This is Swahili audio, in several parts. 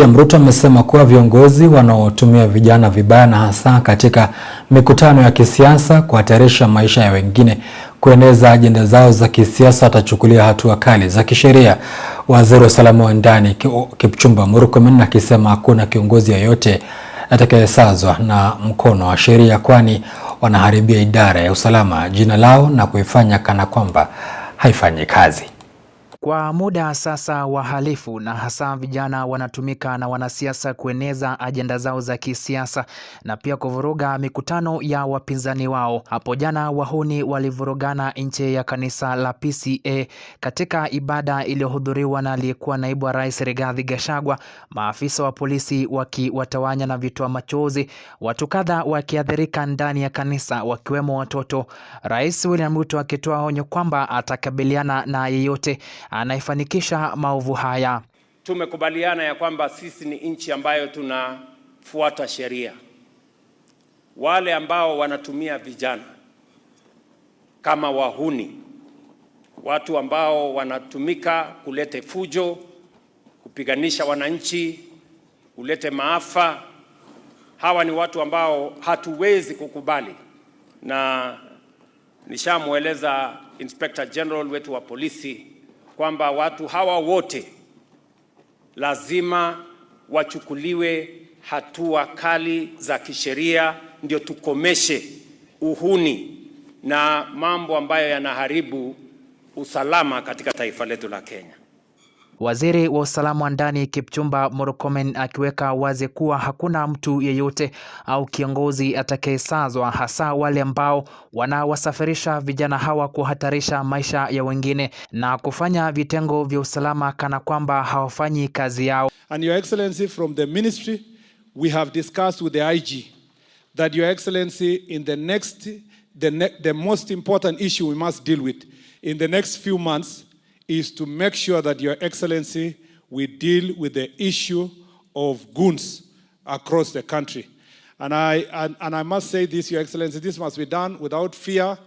William Ruto amesema kuwa viongozi wanaotumia vijana vibaya na hasa katika mikutano ya kisiasa kuhatarisha maisha ya wengine kueneza ajenda zao za kisiasa watachukulia hatua kali za kisheria. Waziri wa usalama wa ndani Kipchumba Murkomen akisema hakuna kiongozi yeyote atakayesazwa na mkono wa sheria, kwani wanaharibia idara ya usalama jina lao na kuifanya kana kwamba haifanyi kazi. Kwa muda sasa, wahalifu na hasa vijana wanatumika na wanasiasa kueneza ajenda zao za kisiasa na pia kuvuruga mikutano ya wapinzani wao. Hapo jana wahuni walivurugana nje ya kanisa la PCA katika ibada iliyohudhuriwa na aliyekuwa naibu wa rais Rigathi Gachagua, maafisa wa polisi wakiwatawanya na vitoa machozi, watu kadha wakiathirika ndani ya kanisa wakiwemo watoto. Rais William Ruto akitoa onyo kwamba atakabiliana na yeyote anayefanikisha maovu haya. Tumekubaliana ya kwamba sisi ni nchi ambayo tunafuata sheria. Wale ambao wanatumia vijana kama wahuni, watu ambao wanatumika kulete fujo, kupiganisha wananchi, kulete maafa, hawa ni watu ambao hatuwezi kukubali, na nishamweleza Inspector General wetu wa polisi kwamba watu hawa wote lazima wachukuliwe hatua kali za kisheria, ndio tukomeshe uhuni na mambo ambayo yanaharibu usalama katika taifa letu la Kenya. Waziri wa usalama wa ndani Kipchumba Murkomen akiweka wazi kuwa hakuna mtu yeyote au kiongozi atakayesazwa, hasa wale ambao wanawasafirisha vijana hawa kuhatarisha maisha ya wengine na kufanya vitengo vya usalama kana kwamba hawafanyi kazi yao. And your excellency from the ministry we have discussed with the IG that your excellency in the next the, ne the most important issue we must deal with in the next few months is to make sure that Your Excellency we deal with the issue of goons across the country. And I, and, and I must say this, Your Excellency, this must be done without fear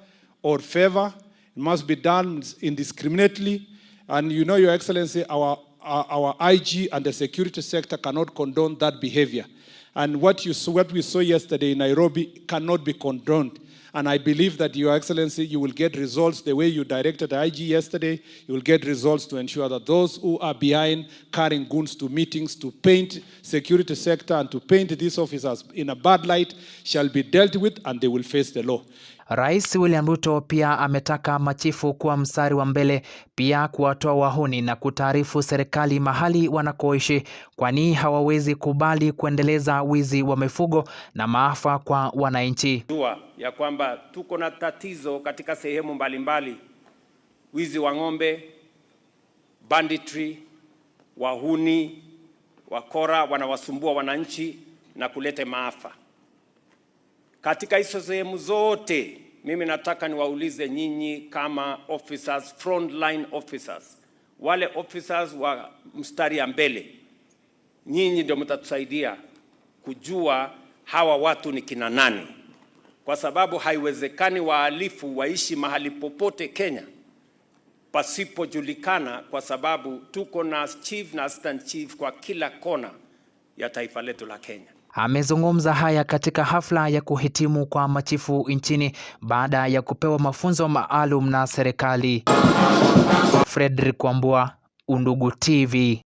or favor. It must be done indiscriminately. And you know, Your Excellency, our, our, our IG and the security sector cannot condone that behavior. And what, you, what we saw yesterday in Nairobi cannot be condoned. And I believe that, Your Excellency, you will get results the way you directed IG yesterday. You will get results to ensure that those who are behind carrying goons to meetings to paint security sector and to paint these officers in a bad light shall be dealt with and they will face the law. Rais William Ruto pia ametaka machifu kuwa mstari wa mbele, pia kuwatoa wahuni na kutaarifu serikali mahali wanakoishi, kwani hawawezi kubali kuendeleza wizi wa mifugo na maafa kwa wananchi ya kwamba tuko na tatizo katika sehemu mbalimbali mbali. Wizi wa ng'ombe, banditry, wahuni, wakora wanawasumbua wananchi na kuleta maafa katika hizo sehemu zote. Mimi nataka niwaulize nyinyi kama officers, frontline officers, wale officers wa mstari ya mbele, nyinyi ndio mtatusaidia kujua hawa watu ni kina nani kwa sababu haiwezekani wahalifu waishi mahali popote Kenya pasipojulikana, kwa sababu tuko na chief na assistant chief kwa kila kona ya taifa letu la Kenya. Amezungumza haya katika hafla ya kuhitimu kwa machifu nchini baada ya kupewa mafunzo maalum na serikali. Fredrick Wambua, Undugu TV.